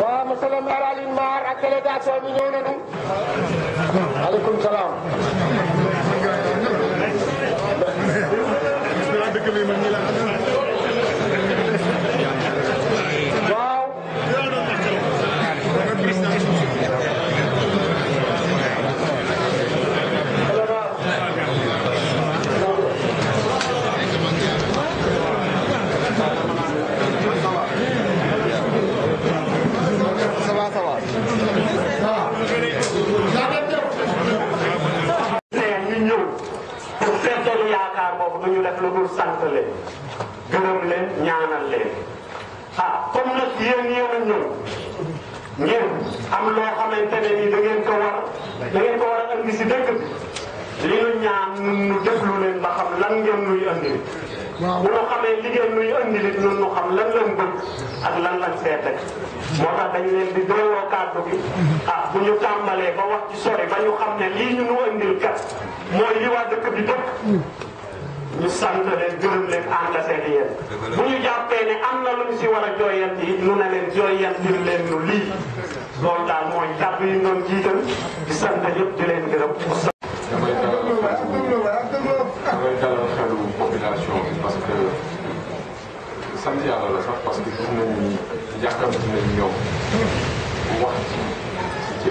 waaw monsieur le maire Alioune Mar ak délégation salaam. yéen yéen a ñëw ngeen ko war da ko war a andi si li ñu ñaan ñun ñu déglu leen ba xam lan ngeen nuy andi. waaw bu ñu xamee liggéey nuy andi nit ñun ñu xam lan lan lañ seete moo tax dañ leen di doyloo kàddu bi mm-hmm. ah bu ñu tàmbalee ba wax ci sori ba ñu xam ne lii ñu nu andil kat mooy li waa dëkk bi dëkk. ñu sant leen gërëm leen ànd seeti yéen bu ñu jàppee ne am na lu ñu si war a jooyanti it nu ne leen jooyantil leen nu lii loolu daal mooy kàddu yi doon jiital di sant ñëpp di leen gërëm damay dalal xelu population bi parce que sant yàlla la sax parce que gis nañu yàkkamti nañu ñoom wax ci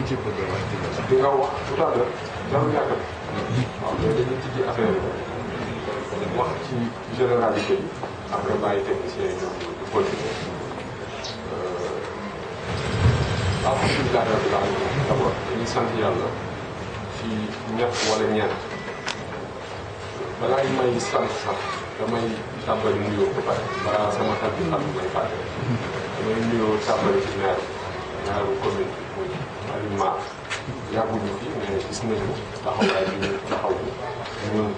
ku ci bëgg wax ci bëgg di nga wax tout à l'heure daw yàgg waaw mais dañuy tijji affaire bi wax ci généralité bi après bàyyi technicien yi ñoom ñu continuer alhamdulilah rabbil alamin d' abord dañuy sama xel bi xam may fàtte damay nuyoo tàmbali ma yàgguñu fi mais gis nañu taxawaay bi ñu taxaw ñun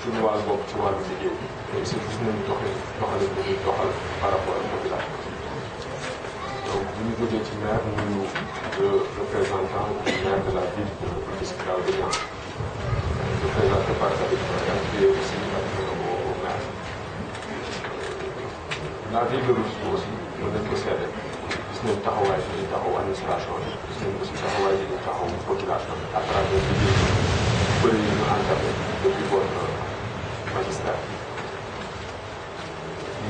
suñu wàll bopp ci wàllu liggéey bi aussi gis nañu doxe doxalin bi ñuy doxal par rapport ak population donc bu ñu jógee ci maire ñu le représentant du maire de la ville de Rufisque Dao de Niang représenté par David Faye qui est aussi adjoint au maire la ville de Rufisque aussi enfrentar o Wesley, ele está roubando esse cachorro. Se ele enfrentar o Wesley, ele está roubando um pouquinho da chave. Atrás dele, ele não anda bem, ele pivota magistral.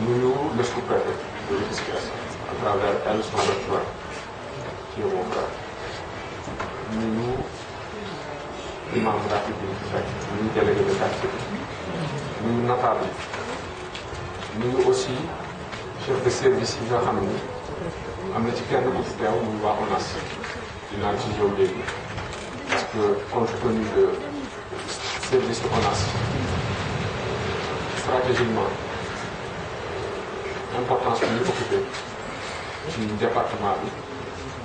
Nous le sous-préfet de l'éducation, à travers elle, son doctorat, qui est mon imam de la République du de quartier, nous notable, nous aussi chefe de serviço nous avons am na ci kenn ku ci teew muy waa ONAS parce que compte tenu de service de a stratégiquement l'importance de nous occupé du département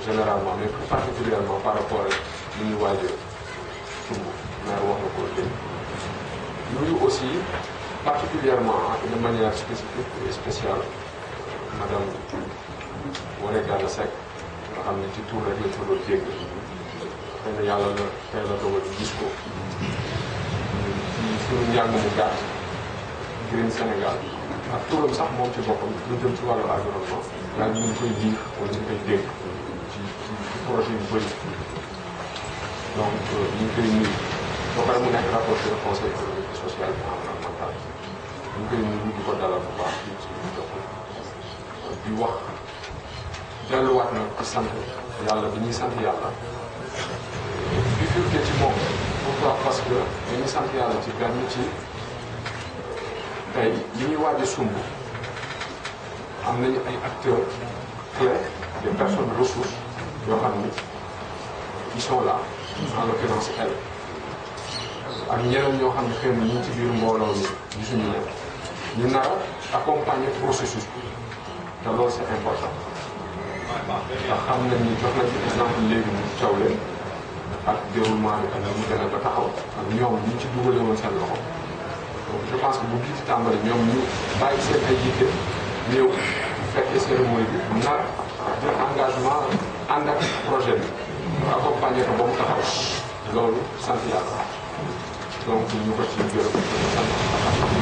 généralement mais plus particulièrement par rapport à niveau de waaj nous aussi particulièrement hein, de manière spécifique et spéciale madame wane gàll sekk nga xam ne ci tuur rek la tuddoo jéeg xëy na yàlla la xëy la dogal gis ko ci mm, suñu njàng mu gàtt Green Sénégal ak turam sax moom ci boppam lu jëm ci wàllu environnement daal ñu ngi koy diir wala ñu koy dégg ci ci projet yu bëri donc euh, ñu ngi koy nuyu ba pare mu nekk rapporteur conseil économique social et environnemental ñu ngi koy nuyu di ko dalal bu baax di ci di wax delluwaat nag ci sant yàlla bi ñuy sant yàlla bi firkee ci moom pourquoi parce que dañuy sant yàlla ci benn ci tey li ñuy waaj a sumb nañu ay acteurs clés des personnes ressources yoo xam ni ils sont là en l'occurrence elle ak ñeneen ñoo xam ne xëy na ñu ci biir mbooloo mi gisuñu leen ñu nar a processus bi te loolu important ndax xam nañ ni jox nañ ci exemple léegi mu cawle ak déroulement bi ak mu demee ba taxaw ak ñoom ñu ci dugale woon seen loxo donc je pense que bu gis ci tàmbali ñoom ñu bàyyi seen ay yitte ñëw fekkee cérémonie bi nar jël engagement ànd ak projet bi accompagner ko ba mu taxaw loolu sant yàlla donc ñu ko ci gërëm sant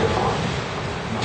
ak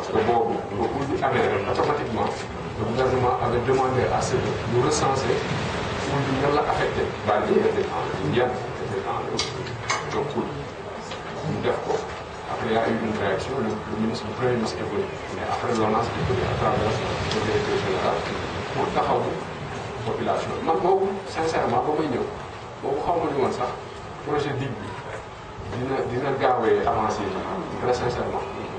parce que bon, au cours du automatiquement le gouvernement avait demandé à ce que nous recenser pour nous lan la affecté Bali était en Yann était en Jokkul Donc, d'accord. Après, après y a eu une réaction le ministre le premier ministre est venu mais après l'ONAS est venu à travers le directeur général pour la population Moi, sincèrement ba may ñëw boobu xaw ma ni woon Le projet DIC bi dina dina hein, très sincèrement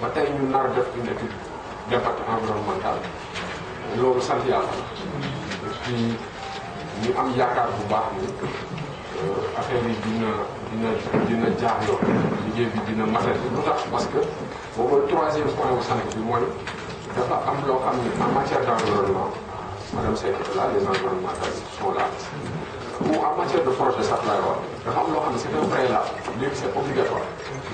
ba tey ñu nar def une étude d'impact environnemental loolu sant yàlla ci ñu am yaakaar bu baax ni euh, affaire yi dina dina dina jaar yoon liggéey bi dina matal lu tax parce que boobu troisième point bu sant bi mooy dafa am loo xam ne en matière d'environnement madame Seck là les environnementalistes sont là ou en matière de projet sax laay wax dafa am loo xam ne c'est un préalable léegi c'est obligatoire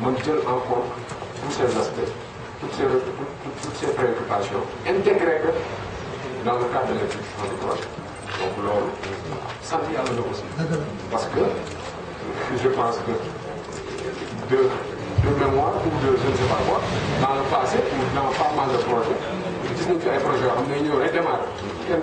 mooy jël en compte tous ces aspects toutes ces toutes ces préoccupations intégrées dans le cadre de l'exécution du projet donc loolu sant yàlla la aussi parce que je pense que de de mémoire ou de je ne sais pas dans le passé ou dans pas mal de projets gis nañ fi ay projets yoo xam ne ñëw rek démarré kenn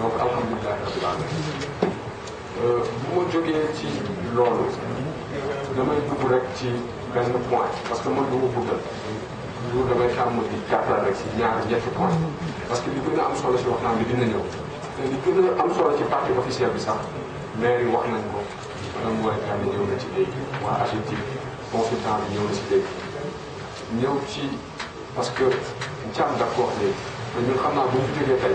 donc alhamdulilah rabbil euh, bu ma jógee ci loolu damay dugg rek ci na point parce que man du ma guddal loolu damay xàmm di gàttal rek si ñaar ñetti point parce que li gën a am solo si waxtaan bi dina ñëw te li gën a am solo ci partie officielle bi sax maire wax nañ ko maanaam mooy kan ñëw na ci léegi waa AGETIP consultant bi ñëw na ci léegi ñëw ci parce que Thiam daf ko wax léegi te xam naa bu ñu jógee tey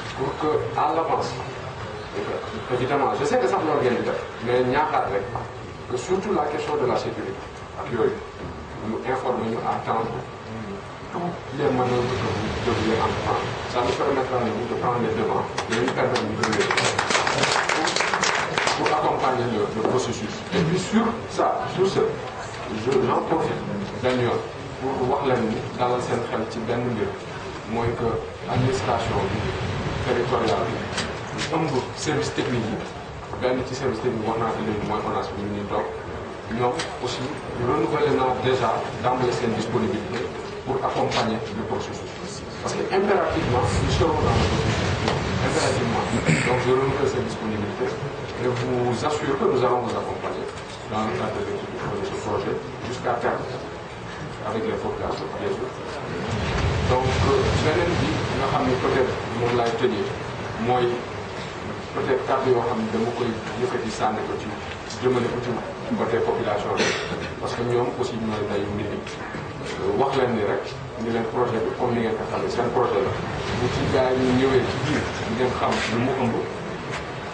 pour que à l'avance évidemment je sais que ça bien pas, mais n'y a il pas de que surtout la question de la sécurité que nous informez, informer à toutes les manœuvres que vous devriez entreprendre ça nous permettra de prendre les devants et nous permettre de lever accompagner le, processus et puis sur ça sur ce je j'en profite Daniel, pour voir les dans la centrale, xel ci moins que l'administration territorial bi un service technique Nous service technique wax naa fi aussi renouvellement déjà d'emblée cette disponibilité pour accompagner le processus parce que impérativement nous serons dans le processus impérativement donc je renouvelle cette disponibilité et vous assure que nous allons vous accompagner dans le cadre de ce projet jusqu'à terme avec les forecasts bien sûr donc même euh, bi nga xam ne peut-être moom laay tëjee mooy peut-être kàddu yoo xam ne dama koy yëkkati sànni ko ci jëmale ko ci côté population bi parce que ñoom aussi ñooy dayu mbir mi wax leen ni rek ni leen projet bi comme ni ngeen ko xamee seen projet la bu ci gars ñëwee ci biir ngeen xam lu mu ëmb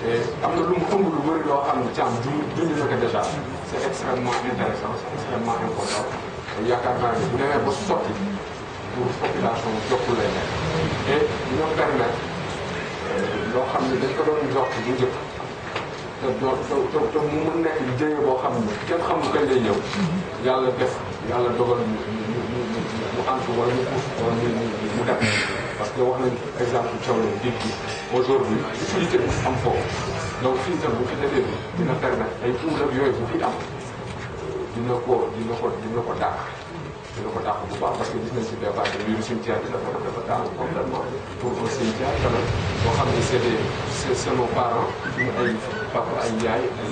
te am na lu mu ëmb lu bëri loo xam ne càmm duñu duñu fekk déjà c'est extrêmement intéressant c'est extrêmement important yaakaar naa ne bu demee ba pour population yokku lay nekk te ñoo permettre loo xam ne dañ ko doon yokk bu njëkk te doo te te mu mun nekk jéego boo xam ne kenn xamul kañ lay ñëw yàlla def yàlla dogal mu mu mu mu ànd wala mu uuf wala mu mu mu dem parce que wax nañ exemple Thiawlé géej gi aujourd'hui utilité bi am foofu donc fii itam bu fi defee bi dina permettre ay puudar yooyu bu fi am dina ko dina ko dàq bu baax parce que gis nañ si débat bi mbiru cimetière bi dafa dafa daanu complètement pour un cimetière quand même boo xam ne c'est des c'est c'est nos parents ay papa ay yaay ay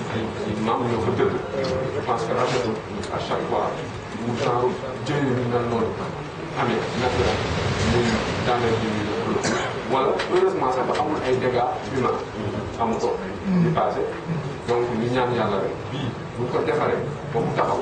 ay maam ñoo ko dëgg je pense que rafetlu à chaque fois mu genre jëy ñu mel noonu amee naturel muy daaneel ji ñuy wala heureusement sax ba amul ay dégâts humains amu ko di passé donc ñu ñaan yàlla rek bii bu ñu ko defaree ba mu taxaw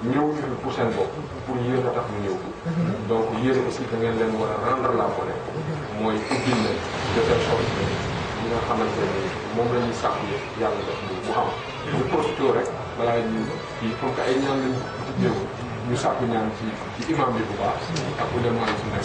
ñëw ñun pour seen bopp pour yéen a tax ñu ñëw ko donc yéen aussi da ngeen leen war a rendre la monnaie mooy ubbil leen de telle sorte nga xamante ni moom la ñuy sàkku yàlla def mu bu am ñu profité rek balaa ñu kii comme que ay ñaan lañ jidéewu ñu sàkku ñaan ci ci imam bi bu baax ak ulema yi fi nekk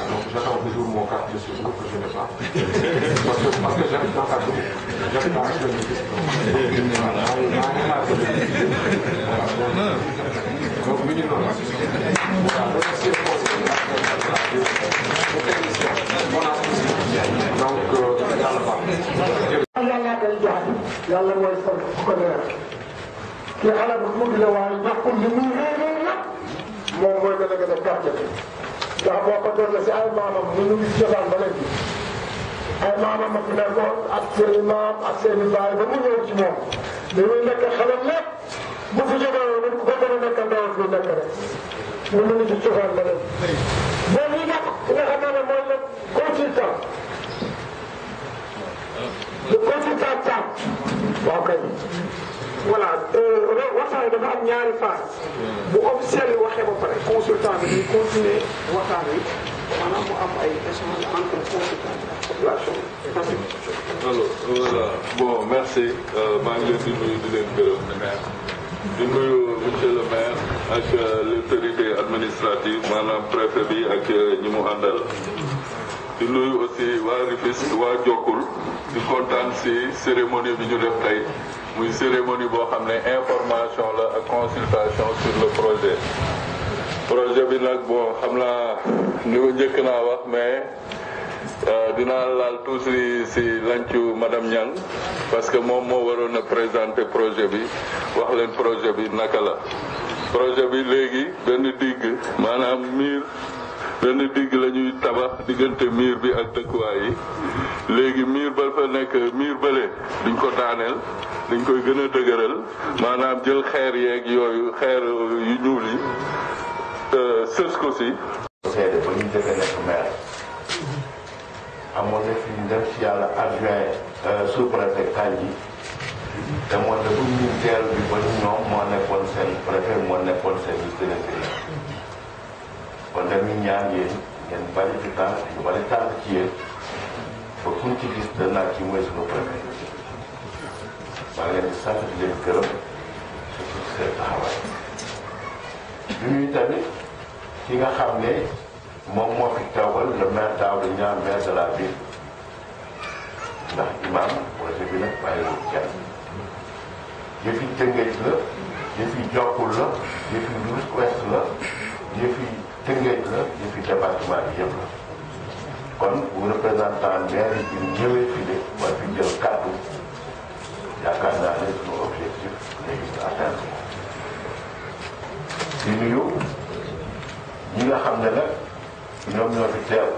j'attends toujours mon carte de que je n'ai pas. parce que, parce que j'habite dans Donc minimum. Donc euh, ndax boo ko si ay maamam ñu ngi gis cosaan ba léegi ay maamam ak nekkoon ak seen i maam a seen baay ba mu ñëw moom li muy nekk xale lépp bu fi jógee woon ko gën a nekk ndaw nekk rek ñu ngi gis cosaan ba léegi. boobu yi nag ki nga ne mooy le consultant le consultant waaw kay. voilà euh, waxtaan dafa am ñaari fa bu officiel waxe ba pare consultant bi day continuer waxtaan bi maanaam mu am ay échange entre consultant bi ak population merci. alors voilà bon merci euh, maa ngi leen di nuyu di leen gërëm di nuyu monsieur le maire ak euh, l'autorité administrative maanaam préfet bi ak ñi mu àndal di nuyu aussi waa rifis waa Jokkul di kontaan si cérémonie bi ñu def tey. muy cérémonie boo xam ne information la ak consultation sur le projet projet bi nag bon xam naa ni njëkk naa wax mais euh, dinaa laal tuuti si si lancu madame Niang parce que moom moo waroon a présenter projet bi wax leen projet bi naka la projet bi léegi benn digg maanaam miir benn digg la ñuy tabax diggante miir bi ak dëkkuwaay yi léegi miir ba fa nekk miir bële duñ ko daaneel dañ koy gën a dëgëral maanaam jël xeer yeeg yooyu xeer yu ñuul yi euh, sës ko si. seede ba ñu jëkk a nekk amoon na fi ñu def si yàlla adjoint euh, sous-préfet Kandji te moo ne bu ñu teel bi ba ñoom moo nekkoon seen préfet moo nekkoon seen ministre kon dañuy ñaan yéen ngeen bari ci tànk ñu bari tànk ci yéen ba fu ñu ci gis danaa ci mooy suñu maa ngi leen di di leen gërëm surtout seen taxawaay bi ñuy tamit ki nga xam ne moom moo fi tawal le maire Daouda Niang maire de la ville ndax imam projet bi nag bàyyiwul kenn yëfi Tëngéej la yëfi Jokkul la yëfi Louga Ouest la yëfi Tëngéej la yëfi département bi la kon bu représentant maire yi ñëwee fii de war fi jël kàddu yaakaar naa nga xam ne nag ñoo fi teew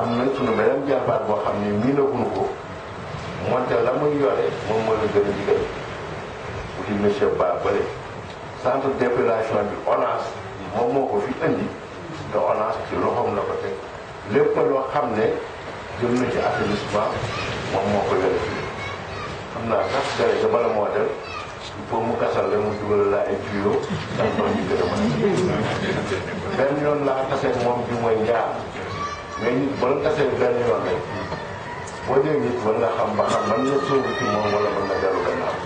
am na suñu beneen jarbaat boo xam ne miinaguñu ko moonte la muy yore moom moo a jigéen bu di monsieur ko fi indi te ONAS ci loxoom la ko teg lépp loo xam ne jëm na ci assainissement moom moo ko yore xam naa sax gare ga bala moo def il faut mu gasal la mu dugal la ay tuyau ndax ndox ñu gën a mën benn yoon laa tasee moom bi mooy njaar mais nit ba la tasee benn boo dee nit mën nga xam ba xam man nga sóobu ci moom wala mën nga dellu gannaaw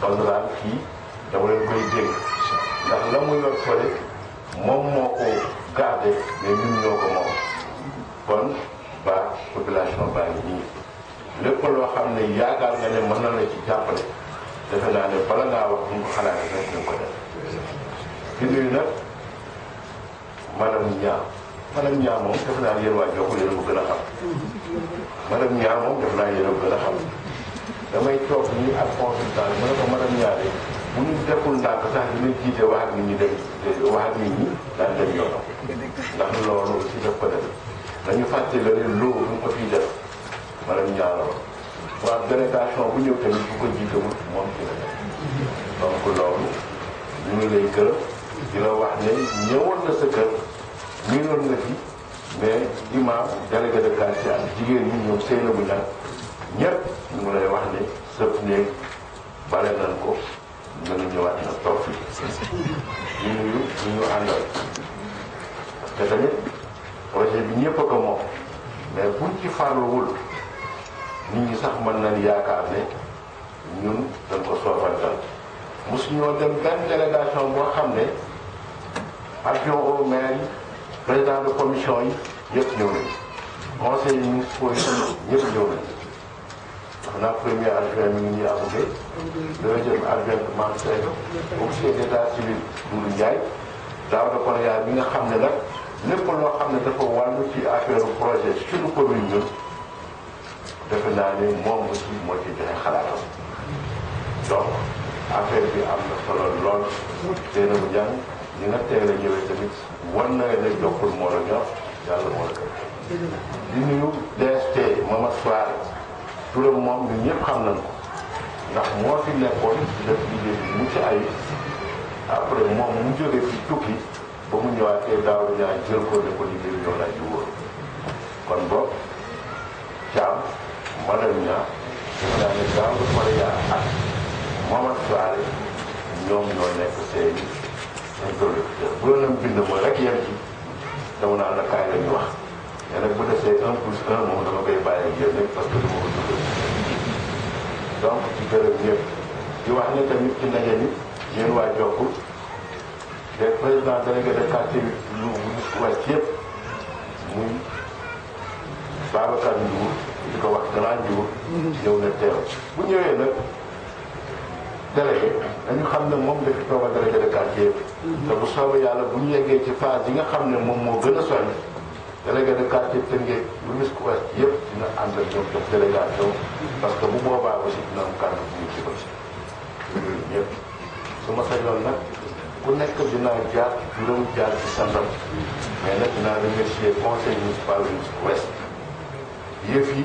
kon daal kii dama leen koy dégg ndax la mu yor fële moom moo ko gardé mais ñun ñoo ko moom kon ba population baa nii lépp loo xam ne yaakaar nga ne mën na la ci jàppale defe naa ne bala ngaa wax ñu ko xalaatee rek ñu ko def di nuyu nag madame Niang madame Niang moom defe naa ne yéen waa Jokal yéen a ko gën a xam madame moom defe naa ne yéen a damay toog nii ak consultant bi ma ne ko madame Niang de bu ñu deful ndànk sax dinañ jiite wax ak nit ñi dem daan dem yoonam ndax loolu aussi daf ko def dañu fàtte la ne loo bu ko fiy wala Nioro waaw délégation bu ñëw tamit bu ko jiite wut moom ci la def donc loolu ñu ngi lay gërëm di la wax ne ñëwoon na sa kër miinoon na fi mais imam délégué de quartier ak jigéen ñi ñoom seen bu ñaar ñëpp ñu ngi lay wax ne sëf néeg bale nañ ko nga nu ñëwaat na toog fii ñu nuyu ñu ñu àndal parce que tamit projet bi ñëpp ko moom mais buñ ci farluwul nit ñi sax mën nañ yaakaar ne ñun dañ ko soofantal mosuñoo dem benn délégation boo xam ne adjoint au maire président de commission yi yëpp ñëw nañ conseil yi municipaux yi ñëpp ñëw nañ wax naa premier adjoint mu ngi ñuy abouté deuxième adjoint de Marseille officier d'état civil Doudou Ndiaye daaw da kon yaay bi nga xam ne nag lépp loo xam ne dafa wàllu ci affaire projet suñu commune ñun defe naa ne moom aussi moo ci joxe xalaatam donc affaire bi am na solo lool tey na bu njàng ñi nga teel a ñëwee tamit na ne jokkul moo la ñor yàlla moo la gën di nuyu DST Mamat Soare turam moom ñun ñëpp xam nañu ko ndax moo fi nekkoon def liggéey bi mu ci ay après moom mu jógee fi tukki ba mu ñëwaatee daaw jël ko ne ko liggéey bi ñoo laaj ji wóor kon boog caam Mademia daanaka Dame Maria ak Mohamed Saare ñoom ñoo nekk seen interlocuteur bu doon bind ma rek yem ci dama naa la kaay la ñu wax mais nag bu desee un plus un moom dama koy bàyyi ak yéen rek parce que du ma ko tudd donc ci gërëm ñëpp di wax ne tamit ci ndaje ni yéen waa Jokal des lu wàcc ko wax grand jour ñëw na teew bu ñëwee nag délégué dañu xam ne moom dafa toog a délégué de yëpp mm-hmm. te bu yàlla bu ñu yeggee ci phase yi nga xam ne moom moo gën a soññ délégué de quartier Tëngéej lu ko yëpp dina ànd ak ñoom def mm-hmm. parce que bu boobaa aussi dina am kàddu bu ñu ci su ma sañoon nag ku nekk dina jaar juróom jaar ci santam mm-hmm. mais nag dinaa remercier conseil municipal Rufisque yëf yi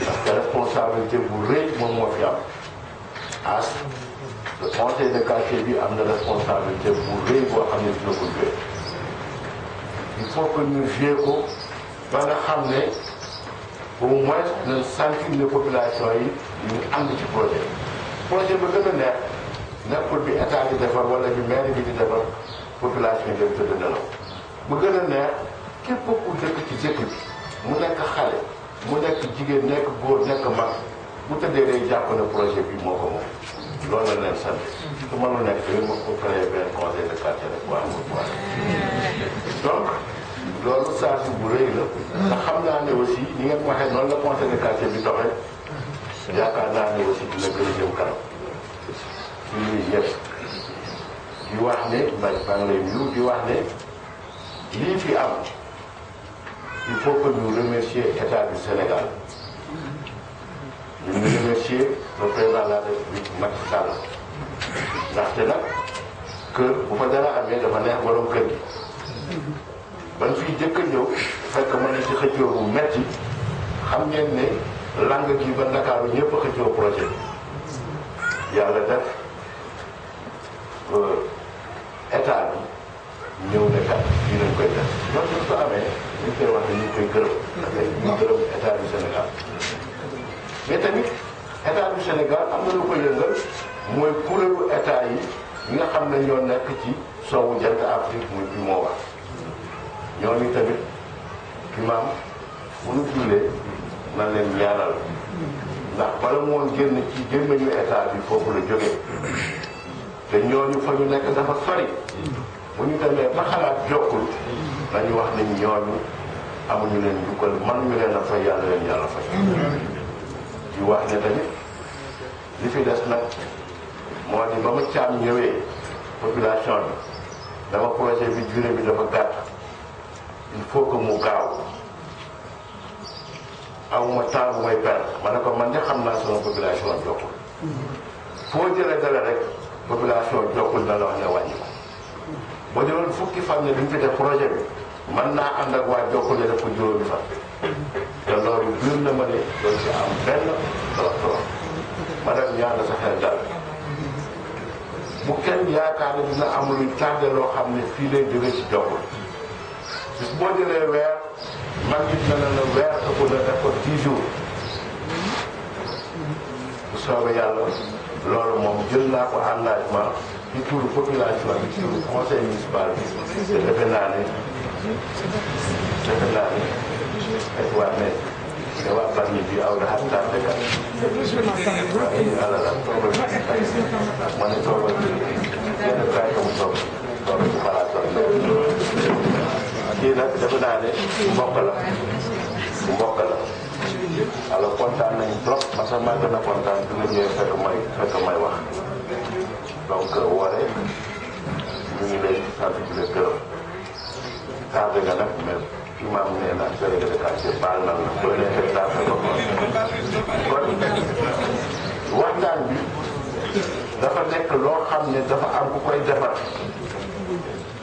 parce responsabilité bu rëy moom moo fi am as le conseil de quartier bi am na responsabilité bu rëy boo xam ne dina ko joué il faut que ñu joué ko ba nga xam ne au moins nañ sentir ne population yi ñu ànd ci projet projet ba gën a neex nekkul bi état bi defar wala bi maire bi di defar population yi dem tëdd nelaw bu gën a neex képp ku dëkk ci dëkk bi mu nekk xale mu nekk jigéen nekk góor nekk mag bu tëddee day jàpp ne projet bi moo ko moom loolu la leen sant su mënul nekk tamit ma ko créé benn conseil de quartier rek waa ma boole donc loolu saa si bu rëy la te xam naa ne aussi ñi nga waxee noonu la conseil de quartier bi doxee yaakaar naa ne aussi dina gën a jëm kanam ñuy yëpp di wax ne ma maa lay nuyu di wax ne lii fi am il faut que nous remercions l'État du Sénégal. Nous remercions le président de la République Macky Sall ndaxte nag kër bu fa dara amee dafa neex borom kër gi. ban fii jëkk a ñëw fekk mën nañ ci xëccoo bu metti xam ngeen ne lang gi ba Ndakaaru ñëpp xëccoo projet yàlla def état ñëw ne kat dinañ koy def loolu su ko amee. ñu koy wax ñu koy gërëm. ñu gërëm état du Sénégal. mais tamit état du Sénégal am na lu koy yëngal mooy kuréelu état yi ñi xam ne ñoo nekk ci soowu jant Afrique muy bi moo wax ñooñu tamit imaam bu ñu jullee na leen ñaanal ndax bala moon génn ci gémmiñu état bi foofu la jógee te ñooñu fa ñu nekk dafa sori bu ñu demee ba xalaat jokkul dañu wax nañ ñooñu amuñu leen jukkal man ñu leen a fay yàlla leen yàlla fay di wax ne tamit li fi des nag moo di ba mu caam population bi dama projet bi durée bi dafa gàtt il faut mu gaaw awma temps bu may perdre ma ne ko man de xam naa sama population jokkul foo jële dale rek population jokkul na wax ne wàññi ko boo fukki fan duñ fi def projet bi man naa ànd ak waa Jokalante ne def ko juróomi fan te loolu biir na ma ne doon ci am benn docteur madame ñaar na sa xel dal bu kenn yaakaar ne dina am luy tardé loo xam ne fii lay jóge ci Jokalante bu soobee yàlla loolu moom jël naa ko engagement ci turu population bi ci conseil municipal bi naa จะเป็นอะไรไอวกนี้แต่ว่าบางทีเราจะหันตามไปกันไอ้อะไรต้องไปมันต้องไปยันใครต้องต้องต้องมาต้องที่นั่นจะเป็นอะไรบอกกันละบอกกันละเราควรทำในบล็อกภาษาไยก็นะคนตานดูเนี่ยแต่ก็ไม่แต่ก็ไม่ว่าเราเกิดวันนี้มีเลยทำให้เกิด changé nga nag mais su ma am nee naa Sénégal daal baal na la boo bi dafa nekk loo xam ne dafa am ku koy defar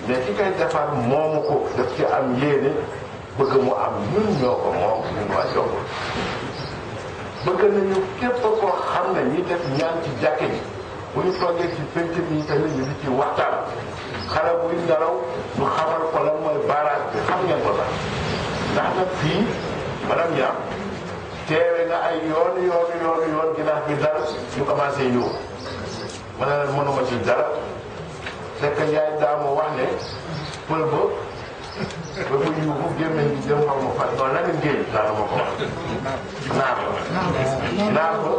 mais ki koy defar moomu ko daf ci am yéene bëgg mu am ñun ñoo ko moom ñun waa Jokal bëgg nañu képp koo xam ne ñi def ñaan ci jàkka ji bu ñu toogee ci pénc mi ñu ngi ci waxtaan. xale buy ngelaw ñu xamal ko lan mooy barrage bi xam ngeen ko sax ndax nag fii madame Dia teewe nga ay yoon yoon yoon yoon bi dal ñu commencé ñëw ma ne leen mënuma ci dara fekk yaay daamu wax ne pël ba ba muy yuuxu gémmeñ gi dem xaw ma fan noonu la ngeen géej daanu ma ko wax naar ba naar ba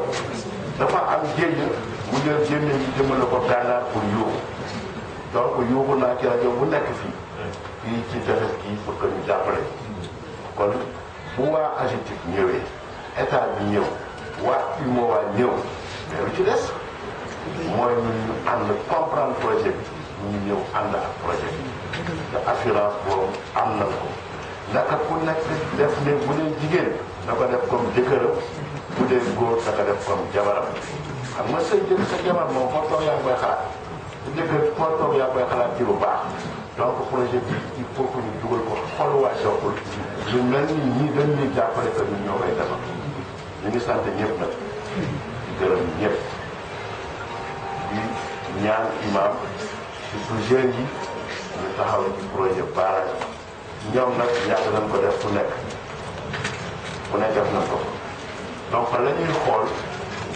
dafa am géej mu jël gémmeñ gi jëmale ko gànnaar pour yuuxu donc yuuxu naa ci rajo bu nekk fii fii ci tefes gi pour que jàppale kon bu waa AGETIP ñëwee état bi ñëw waa UMOA ñëw mais lu ci des mooy ñu ànd projet bi ñu ñëw ànd ak projet bi te assurance boobu am nañ ko naka ku nekk def ne bu dee jigéen na ko def comme jëkkëram bu dee góor na ko def comme jabaram xam nga sëy jël sa jabar moom foo toog yaa ngi njëkk a foo toog yaa koy xalaat ci lu baax donc projet bi il faut que ñu dugal ko xolu waa Sokone ñu mel ni ñii dañ ñuy jàppale que ñun ñoo koy defar ñu ngi sant ñëpp nag di gërëm ñëpp di ñaan imam surtout jeunes yi ñu taxaw ci projet barrage ñoom nag ñàkk nañ ko def ku nekk ku nekk def nañ ko donc la ñuy xool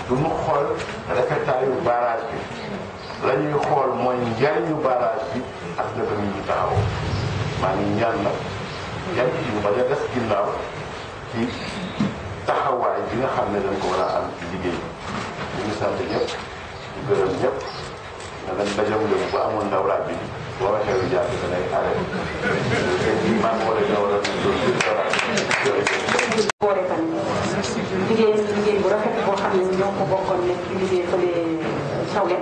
du mu xool rafetaayu barrage bi la ñuy xool mooy njariñu barrage bi ak naka la ñuy taxawoo maa ngi ñaan nag yan kii bi bañ a des ginnaaw ci taxawaay bi nga xam ne dañ ko war a am ci liggéey bi ñu ngi sant ñëpp ñu gërëm ñëpp ne leen dajam léegi ba amoon ndaw laa bi boo waxee lu jàpp da ngay arrêté te lii maa ngi war a ñëw rek ñu doon jël dara boole tamit liggéey liggéey bu rafet boo xam ne ñoo ko bokkoon nekk ci liggéey fële Sawlen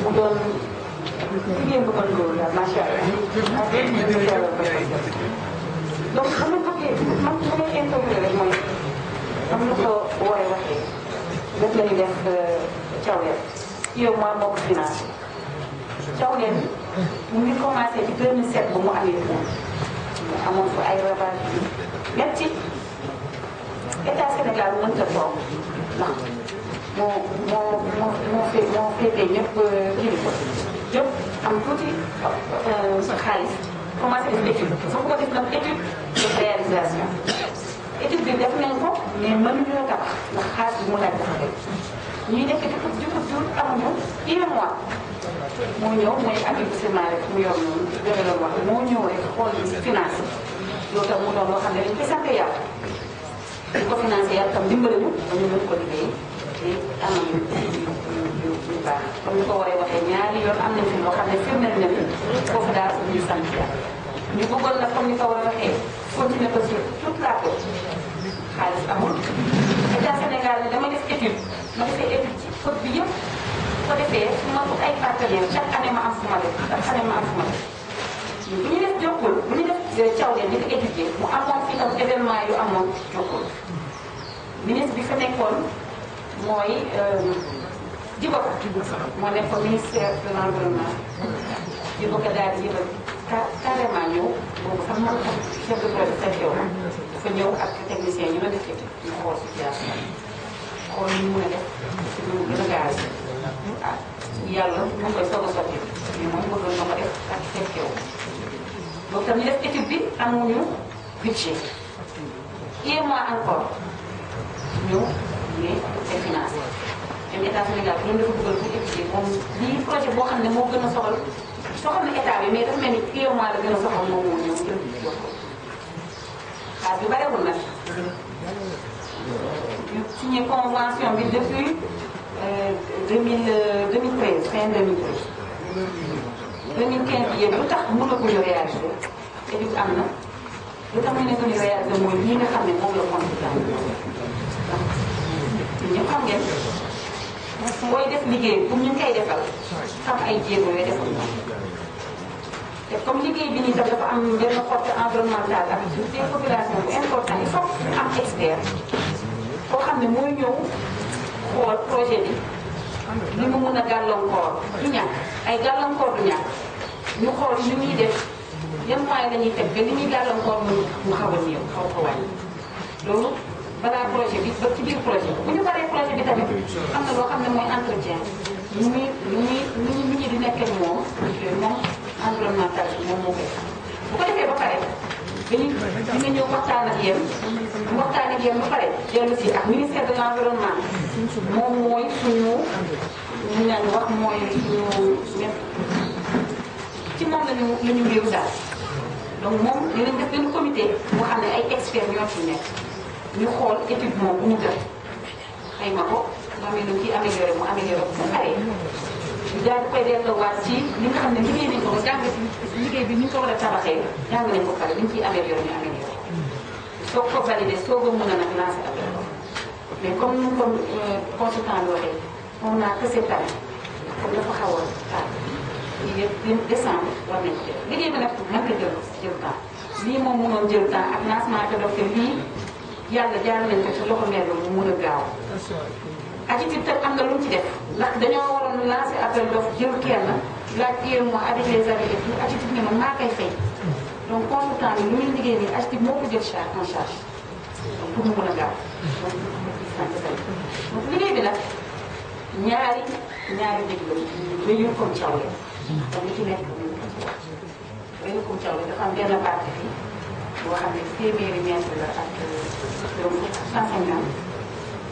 mu doon jigéen bu mën góor daal macha allah. donc xam nga bëggee man su may intervenir rek mooy am na ko war a waxee def la ñu def cawleen yow maa bokk financé mu ngi commencé ci 2007 ba mu amee foofu mu amoon fa ay ravage yu metti état Sénégal moo moo moo moo fee moo féetee euh, am tuuti euh, sa xaalis commencé def étude soo ko def nag étude de réalisation étude bi def nañ ko mais mënuñoo tabax ndax xaalis bi mu laaj dafa teg ñuy def étude pour jur jur amuñu un mois moo ñëw mooy investissement rek mu yor noonu moo ñëw rek xool bi financé loolu tam mu doon loo ne dañ koy sant yàlla di ko financé yàlla tam dimbali ñu ba ñu mën ko liggéey ci anam yu yu baax comme ni ko waree waxee ñaari yoon am nañ fi loo xam ne firndeel na fi foofu daal ñu sant yàlla ñu bëggoon nag comme ni ko war a waxee continuer ko sur toute la côte xaalis amul état Sénégal ne dama def étude ma defee étude ci côte bi yëpp ko defee su ma ut ay partenaires chaque année ma am fu ma def chaque année ma am fu ma def bu ñu def jokkul bu ñu def caw leen di ko étudier mu amoon fi tam événement yu amoon jokkul ministre bi fa nekkoon mooy euh, Djibo Ka moo nekkoon ministère de l' environnement Djibo Ka daal di ñëw boobu sax man xam chef de projet def ñu xool situation si lu gën ah, yàlla mu ngi koy soog sotti mais moom bëggoon na ko def ak Sergio boobu tam ñu def étude bi amuñu budget un mois encore ñu ne de finance même état Sénégal loolu dafa dugal pour étudier moom lii projet boo xam ne moom gën a soxal soxal na état bi mais dafa mel ni purement la gën a soxal moom moo ñëw jël jox ko xaalis bi barewul ñu convention bi depuis 2000 euh, 2013 euh, fin 2013 2015 yëpp lu tax mënaguñu réaliser te du am na lu tax ñu ne ko ñu réaliser mooy lii nga xam ne moom la confiance ñëpp xam ngeen booy def liggéey pour ñu ngi defal xam ay jéego yooyu defal te comme liggéey bi nii sax dafa am benn porte environnementale ak des populations bu important il faut am expert koo xam ne mooy ñëw xool projet bi ni mu mun a gàllankoor du ñàkk ay gàllankoor du ñàkk ñu xool ni muy def yan moyens la teg ba ni muy gàllankoor mu mu xaw a xaw ko wàññi loolu balaa projet bi ba ci biir projet bi bu ñu paree projet bi tamit am na loo xam ne mooy entretien ñu muy ñu muy ñu nit ñi di nekk moom moom si ak ministère de l' environnement moom mooy suñu ñu naan wax mooy suñu lépp ci moom lañu la ñu réew daal donc moom dinañ def benn comité boo xam ne ay experts ñoo fi nekk ñu xool étude bu ñu def xayma ko nga amee lu ci amélioré mu amélioré ko bu paree ñu daal di koy delloowaat ci li nga xam ne liggéey nañ ko ba jàng liggéey bi ni ñu ko war a tabaxee jàng nañ ko pare li ñu ciy amélioré ñu amélioré soo ko validé soo ko mën a nag lancer appel mais comme nu ko euh, consultant bi waxee moom naa kese tari comme dafa xaw a tar yii yëpp décembre war temps lii moom mënoon jël temps ak lancement te doog te lii yàlla jaar nañ ko ci loxo mel mu mun a gaaw. ak itam tam am na lu mu ci def ndax dañoo waroon lancer appel d'offre jël kenn laaj UEMOA avec les avis et tout ATTIP ne ma maa koy fay. donc consultant bi lu muy liggéey nii ATTIP moo ko jël charge en charge donc pour mu mun a gaaw. donc donc liggéey bi nag ñaari ñaari dëgg la ñu comme caw la. donc li ci nekk dañu comme caw la dafa am benn partie fii. boo xam ne téeméeri mètre la ak juróom fukk ak cent cinquante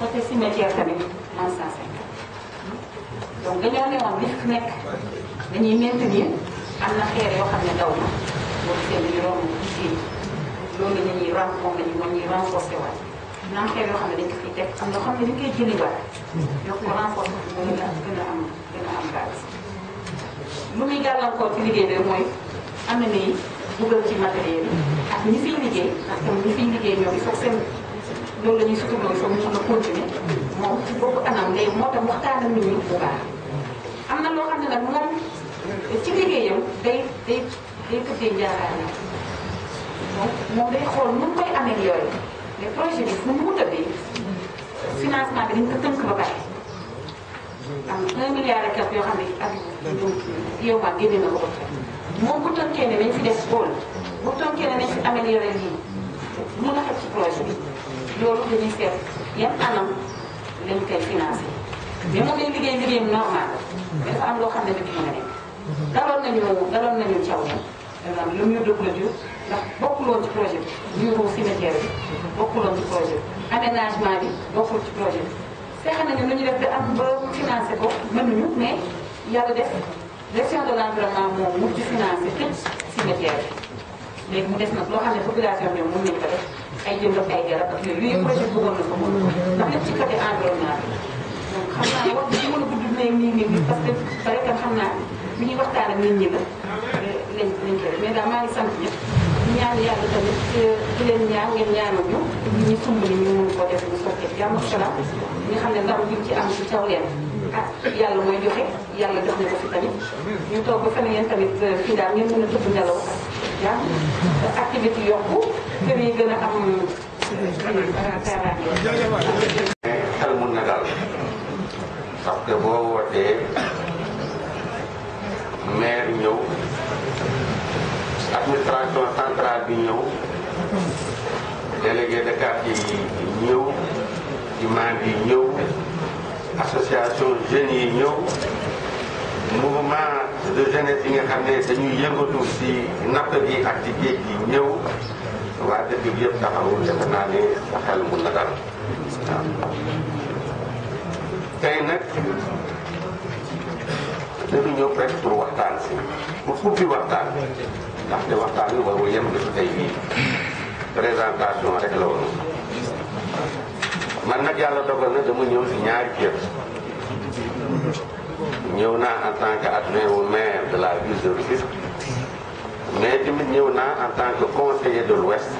côté cimetière tamit naan cent cinquante dañoo ne woon li fi nekk dañuy maintenir am na xeer yoo xam ne daw na loolu seen i romb gisee loolu la ñuy ram moom la ñu moom ñuy renforcer waat yoo xam ne dañ ko fiy teg am xam ne dañ koy jëliwaat ñoo ko renforcer moom la gën a am gën a am gaz lu muy gàllankoor ci liggéey bi mooy am na ni dugal ci matériel yi ak ñi fiy liggéey parce ñi fiy liggéey ñoom il faut seen ñoom la ñuy suturloo il faut ñu mën a continuer moom ci boobu anam léegi moo tax waxtaan ak nit ñi bu baax. am na loo xam ne nag moom ci liggéeyam day day day tëddee njaaraane moom moom day xool nu mu koy améliorer mais projet bi fu mu bi dañ ko tënk ba pare. am 1 milliard ak yoo xam ne ak yow maa génne na ko moom bu tënkee ne dañ fi def pôle. bu tënkee ne nañ si amélioré lii mu naka ci projet bi loolu dañuy seet yan anam lañ koy financé mais moom lañ liggéey liggéeyam normal dafa am loo xam ne dëgg mën a nekk daloon nañu daloon nañu caw na lu ñu dëgg la jur ndax bokkuloon ci projet bi muro cimetière bi bokkuloon ci projet bi aménagement bokkul ci projet bi fexe nañu lu ñu def ba am ba financé ko mënuñu mais yàlla def gestion de l'environnement moom mu ci financé tëj cimetière léegi mu des nag loo xam ne population ñoom mën nañu ko def ay jënd ak ay garab ak yooyu yooyu projet bëggoon na ko mën ndax lépp ci côté environnement bi donc xam naa wax bi ci mën a gudd nañ nii nii parce que bare kam xam naa bi ñuy waxtaan ak nit ñi la lañ lañ koy mais daal maa ngi sant ñëpp ñaan yàlla tamit euh, di leen ñaan ngeen ñaanal ñu ñu sumb ni ñu mën ko def ñu sotti jàmm ak salaam ñi xam ne ndaw ñu ci am ci caw leen ah yàlla mooy joxe yàlla jox ñu ko fi tamit ñu toog ba feneen tamit euh, fii daal ngeen mën a tëdd nelaw ah activité yokku kër yi gën a am terrain. xel mun na dal parce que boo wootee maire ñëw administration centrale bi ñëw délégué de quartier yi ñëw imam yi ñëw association jeunes yi ñëw mouvement de jeunesse yi nga xam ne dañuy yëngatu si napp gi ak ci géej gi ñëw waa dëkk bi yëpp taxawu defe naa ne sa xel mun na dal waaw tey nag dañu ñëw rek rek la woon man nag yàlla dogal na dama ñëw si ñaari kër ñëw naa en tant que adjoint au maire de la ville de Rufisque mais tamit ñëw naa en tant que conseiller de l'ouest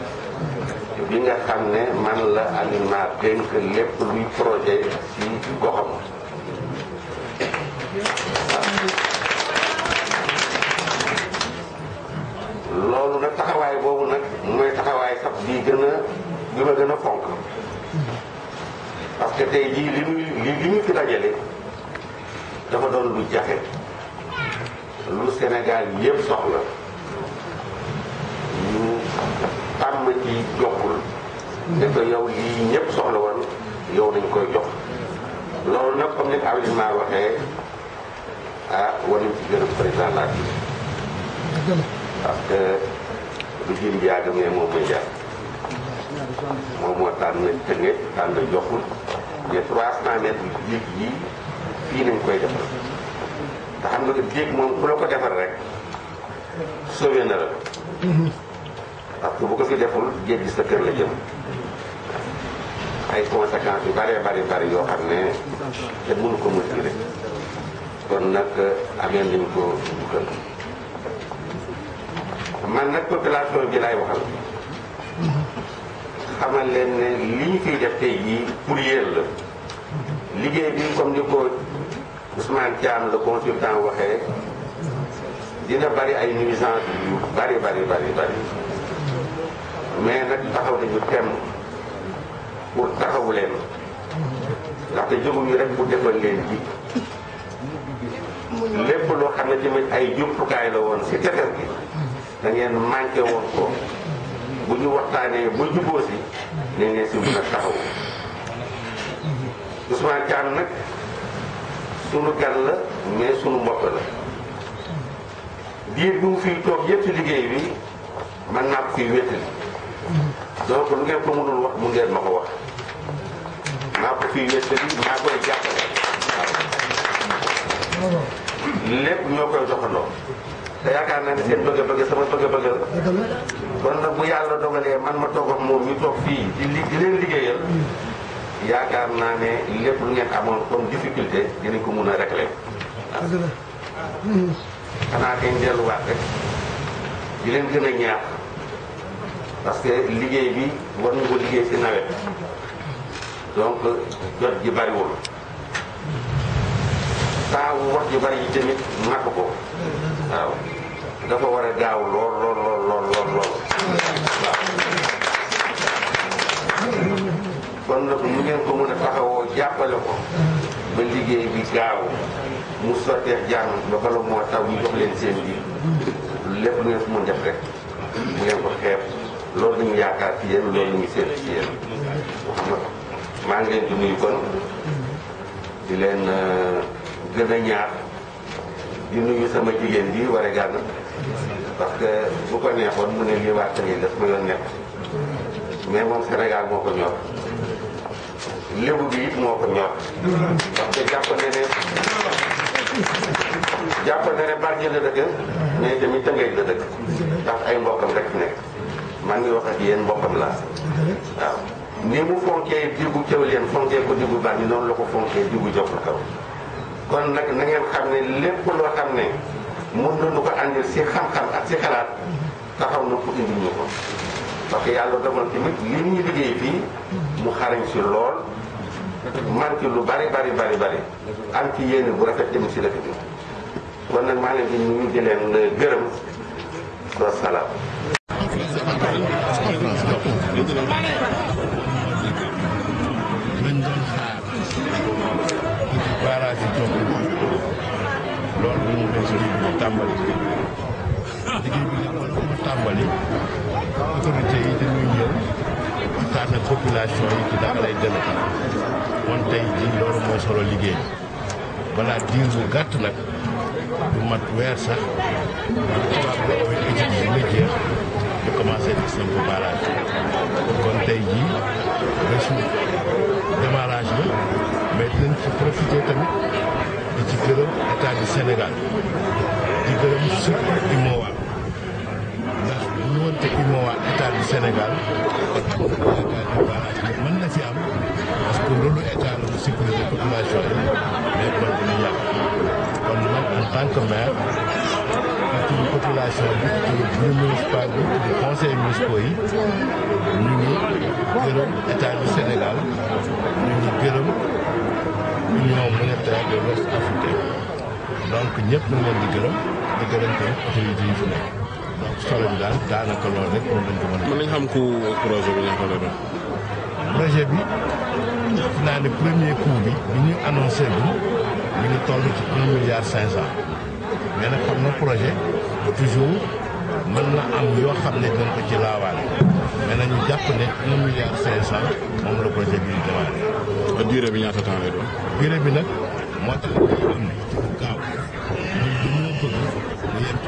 bi nga xam ne man la animar dénk lépp luy projet ci goxam loolu nag taxawaay boobu nag mooy taxawaay sax bii gën a bi ma gën a fonk parce que tey jii li muy li li ñu fi dajale dafa doon lu jafe lu Sénégal yëpp soxla ñu tàmm ci jokkul ne yow lii ñëpp soxla woon yow dañ koy jox loolu nag comme ni ko Abdoulaye waxee ah war nañ ci gërëm président laaj bi parce que lu jëm jaagam ne moom mooy jaar moom moo tànn tënge tànn joxul les trois cent mètres yi lii nañ koy defal te xam nga ne déeg moom ku la ko defal rek sauvé na la parce que bu ko fi deful jéeg gi sa kër la jëm ay conséquences yu baree bëri bëri yoo xam ne te mënu ko mesurer kon nag amee nañ ko dugal man nag population bi laay waxal xamal leen ne li ñu fiy def tey jii pour yéen la liggéey bi comme ni ko Ousmane Thiam le consultant waxee dina bari ay nuisance yu bari bari bari bari mais nag taxaw nañu temm pour taxawu leen ndaxte jóguñu rek bu defal leen ji lépp loo xam ne tamit ay jumtukaay la woon si tefes gi da ngeen manqué woon ko bu ñu waxtaanee bu jubóo si nañ si mën taxawu Ousmane Thiam nag sunu gan la mais suñu mbokk la diir bi mu fiy toog yëpp ci liggéey bi man naa ko fiy wéttali donc lu ngeen ko mënul wax mu ngeen ma ko wax nàpp fii fiy wéttali maa koy jàppale lépp ñoo koy doxandoo te yaakaar naa ne seen bëgg-bëgg sama bëgg-bëgg la kon nag bu yàlla dogalee man ma toog ak moom ñu toog fii di leen liggéeyal yaakaar naa ne lépp lu nekk amoon comme difficulté dinañ ko mun a réglé. waaw. xanaa kañ delluwaat rek di leen gën a ñaar parce que liggéey bi war nañu ko liggéey si nawet donc jot ji bariwul taawu wax ji bari yi tamit màgg ko waaw dafa war a gaaw lool lool lool lool lool. kon nag mu ngeen ko mën a taxawoo jàppale ko ba liggéey bi gaaw mu sotteex jàng ba bala moo taw ñu jox leen seen ji lépp lu ngeen ko mën def mu ngeen ko xeeb loolu ñu yaakaar ci yéen loolu la ñu seet ci yéen maa ngi leen di nuyu kon di leen euh, gën a ñaax di nuyu sama jigéen bi war a gànn parce que bu ko neexoon mu ne lii waa Sénégal daf ma yoon nekk mais moom Sénégal moo ko ñor. lébu bi it moo ko ñor parce que jàpp na ne jàpp na ne Bargny la dëkk mais tamit Tëngéej la dëkk ndax ay mbokkam rek nekk man ngi wax ak yéen mbokkam laa waaw ni mu fonkee diggu Thiawlène fonkee ko diggu Bargny noonu la ko fonkee diggu Diofior Kaw kon nag na xam ne lépp loo xam ne mën nañu ko andi si xam-xam ak si xalaat taxaw na ko indi ñu ko parce que yàlla dogal tamit li ñuy liggéey fii mu xarañ si lool man ci lu bari bari bari bari am ci yéene bu rafet jëm si dëkk bi kon nag maa ngi leen di nuyu di leen gërëm wa salaam. loolu ñu ngi si tàmbali liggéey bi nag loolu ko tàmbali autorité yi dañuy ñëw waxtaan ak population yi ci naka lay demee kon tey jii loolu mooy solo liggéey balaa diir bu gàtt nag du mat weer sax tubaab bi avec équipe bi nga jeex ñu commencé di simple barrage kon tey jii bésu démarrage la mais dinañ ci profité tamit di ci gërëm état du Sénégal di gërëm surtout UMOA ndax bu ñu wonte UMOA état du Sénégal yaakaar ni barrage bi mën que loolu état la bu sécurité population yi mais loolu dina yàq kon man en tant que maire ak ci population bi ci bureau municipal bi conseil municipal yi ñu ngi gërëm état Sénégal ñu ngi gërëm union monétaire de l'Ouest africain donc ñëpp leen di gërëm di gërëm tamit autorités yi solo bi daal daanaka loolu rek moom lañ ko mën a. xam ku projet bi ñu ko projet bi finalement premier coup bi biñu annoncer bi ñu ngi tollu ci 1 milliard 500 mais nak comme projet toujours man na am yo xamné dañ ko ci lawal mais nañu japp né 1 milliard 500 mom le projet bi démarré a durée bi ñata temps lay doon durée bi nak mo tax am ci gaaw ñu ñu ko ñu yépp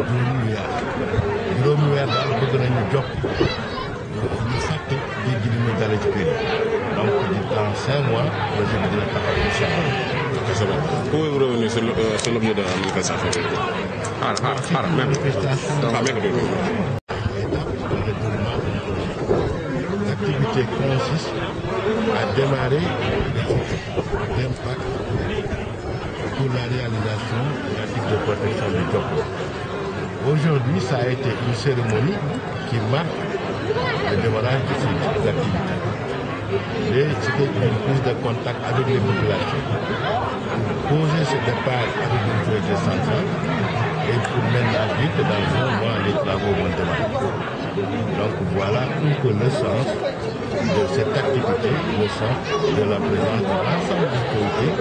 ñu ñu ya nañu jox donc, dans cinq mois, le faire euh, ça. Où est-ce Pouvez-vous revenir sur l'objet de manifestation Ah, ah, ah, même. Ah, ah, ah. ah L'activité consiste à démarrer l'impact pour la réalisation de l'article de protection du corps. Aujourd'hui, ça a été une cérémonie qui marque le démarrage de cette activité et c'était une prise de contact avec les populations. Poser ce départ avec une projet centrale et pour mettre vie que dans un mois, les travaux vont démarrer. Donc voilà un peu le sens de cette activité, le sens de la présence de l'ensemble des autorités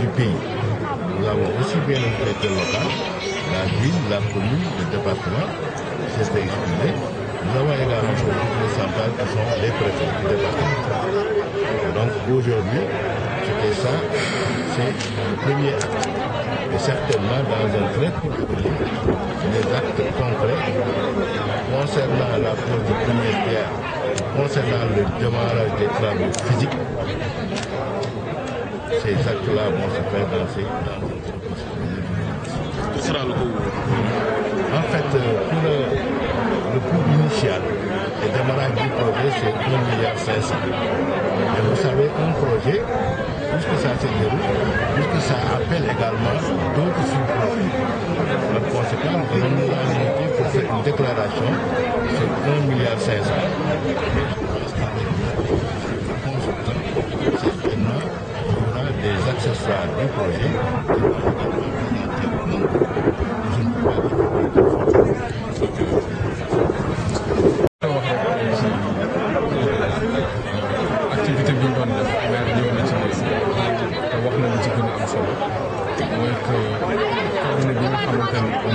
du pays. Nous avons aussi bien le traité local, la ville, la commune, le département, c'est expliqué nous avons également choisi une centrale qui sont les préfets du département. Donc aujourd'hui, c'était ça, c'est le premier acte. Et certainement, dans un très court délai, les actes concrets concernant la pose du premier pierre, concernant le démarrage des travaux physiques, ces actes-là vont se faire dans le goût. En fait, euh, pour le initial le démarrage du projet, c'est 1,5 milliard. Et vous savez, un projet, puisque ça se déroule, puisque ça appelle également d'autres sous-projets. En conséquence, le nous a invité pour faire une déclaration c'est 1,5 milliard. Certainement, il y aura des accessoires du projet. Donc,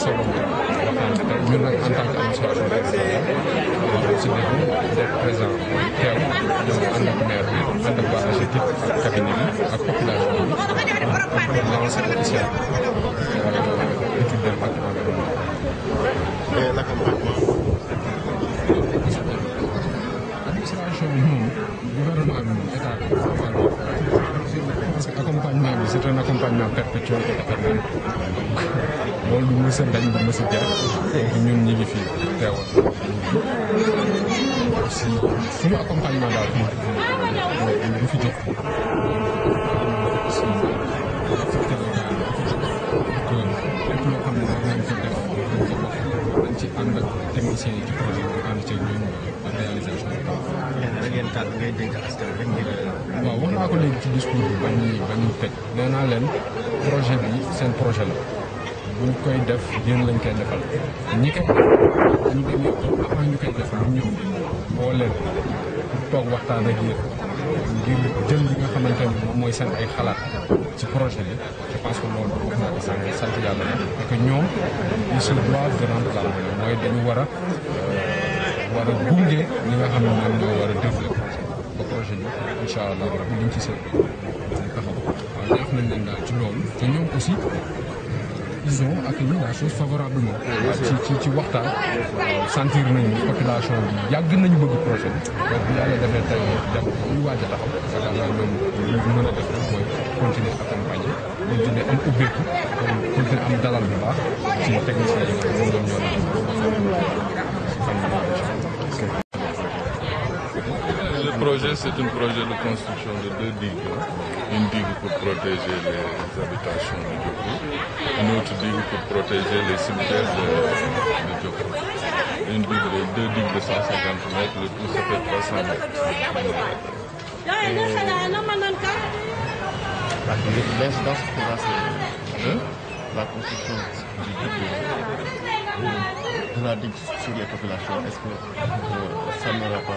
seven and ñun nag en tant que administration si d'être présent mooy teew ñoom ànd ak maire bi ànd cabinet étude d'impact Et c'est un accompagnement perpétuel et loolu du mu a dañ du mës a jaar donc ñun ñu ngi fi teewal aussi suñu accompagnement daal mooy du fi jóg lépp loo xam ne ci ànd ak techniciens yi ci projet bi ànd ci ñoom réalisation da ngeen taal ngay dénk askan waaw wax naa ko léegi ci discours bi ba ñuy ba ñuy tëj nee leen projet bi seen projet la. buñ koy def yéen lañ koy defal ñi koy def ñu demee ko avant ñu koy def ñu ñëw boo leen toog waxtaan ak yéen ngir jël li nga xamante ne moom mooy seen ay xalaat ci projet bi je pense que loolu wax naa ko sànq sant yàlla na et que ñoom ils se doivent de rendre la monnaie mooy dañu war a euh, war a gunge li nga xam ne moom ñoo war a développé ba projet bi incha allah rabbi liñ ci seen taxaw waaw ñaax nañ leen daal ci loolu te ñoom aussi disons ak ñu la chose favorablement. ci ci ci waxtaan. sentir nañu population bi yàgg nañu bëgg projet bi. donc bu yàlla defee tey dem a taxaw. yaakaar naa loolu li ñu mën a def rek mooy continuer accompagner continuer am ubbeeku continuer am dalal bu baax ci technicien yi nga xam ne ñoom ñoo projet, c'est un projet de construction de deux digues. Une digue pour protéger les habitations de Djoko, une autre digue pour protéger les cimetières de, de Une digue, de, deux digues de 150 mètres, le tout ça fait 300 mètres. Hein? La construction du de la est-ce que euh, ça n'aura pas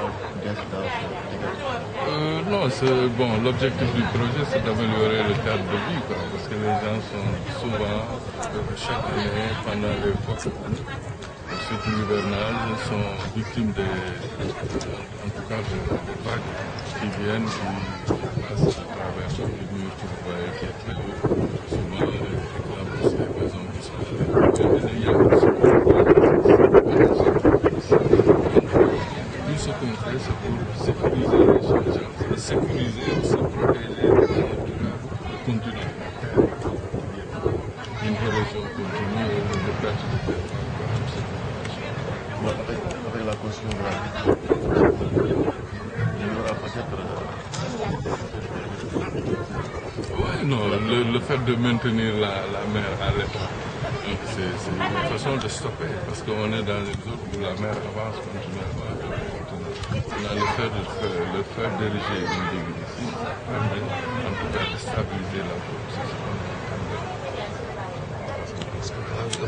euh, Non, bon, l'objectif du projet, c'est d'améliorer le cadre de vie, parce que les gens sont souvent, euh, chaque année, pendant les fortes surtout l'hivernage, sont victimes de en tout cas, vagues qui viennent, qui, passent à travers les murs, qui très qui souvent contenir la, mer à l'état. c'est une façon de stopper, parce qu'on est dans les zone où la mer avance continuellement. On a le fait de faire, le faire diriger une digue ici, en tout cas de stabiliser la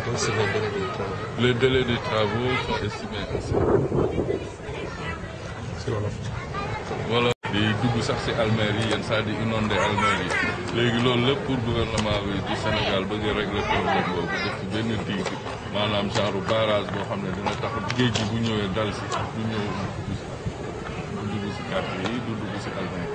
production. Le délai des travaux sont estimés à Voilà. Voilà, les Dougoussars, c'est Almerie, il y a ça, des inondés Almerie. léegi loolu lépp pour gouvernement bi du Sénégal bëgg a régler problème boobu def ci benn diig maanaam genre barrage boo xam ne dina tax géej gi bu ñëwee dal si du ñëw du dugg si quartier yi du dugg si alpin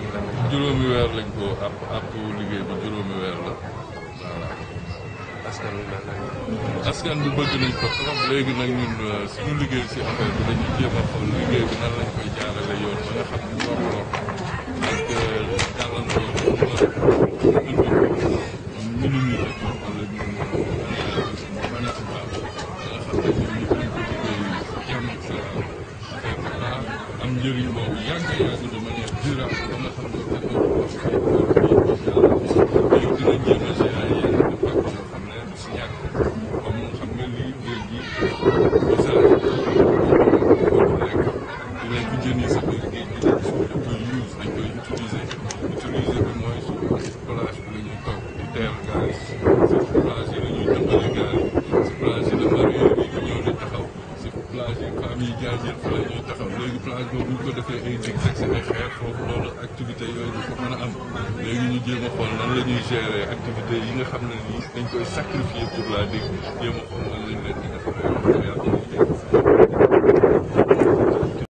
juróomi weer lañ ko ab liggéey bi juróomi weer la voilà. askan wi askan bi bëgg nañ ko trop léegi nag ñun euh, suñu liggéey si affaire bi dañuy jéem a liggéey bi nan lañ koy jaarale yoon ba nga xam ne lool ak.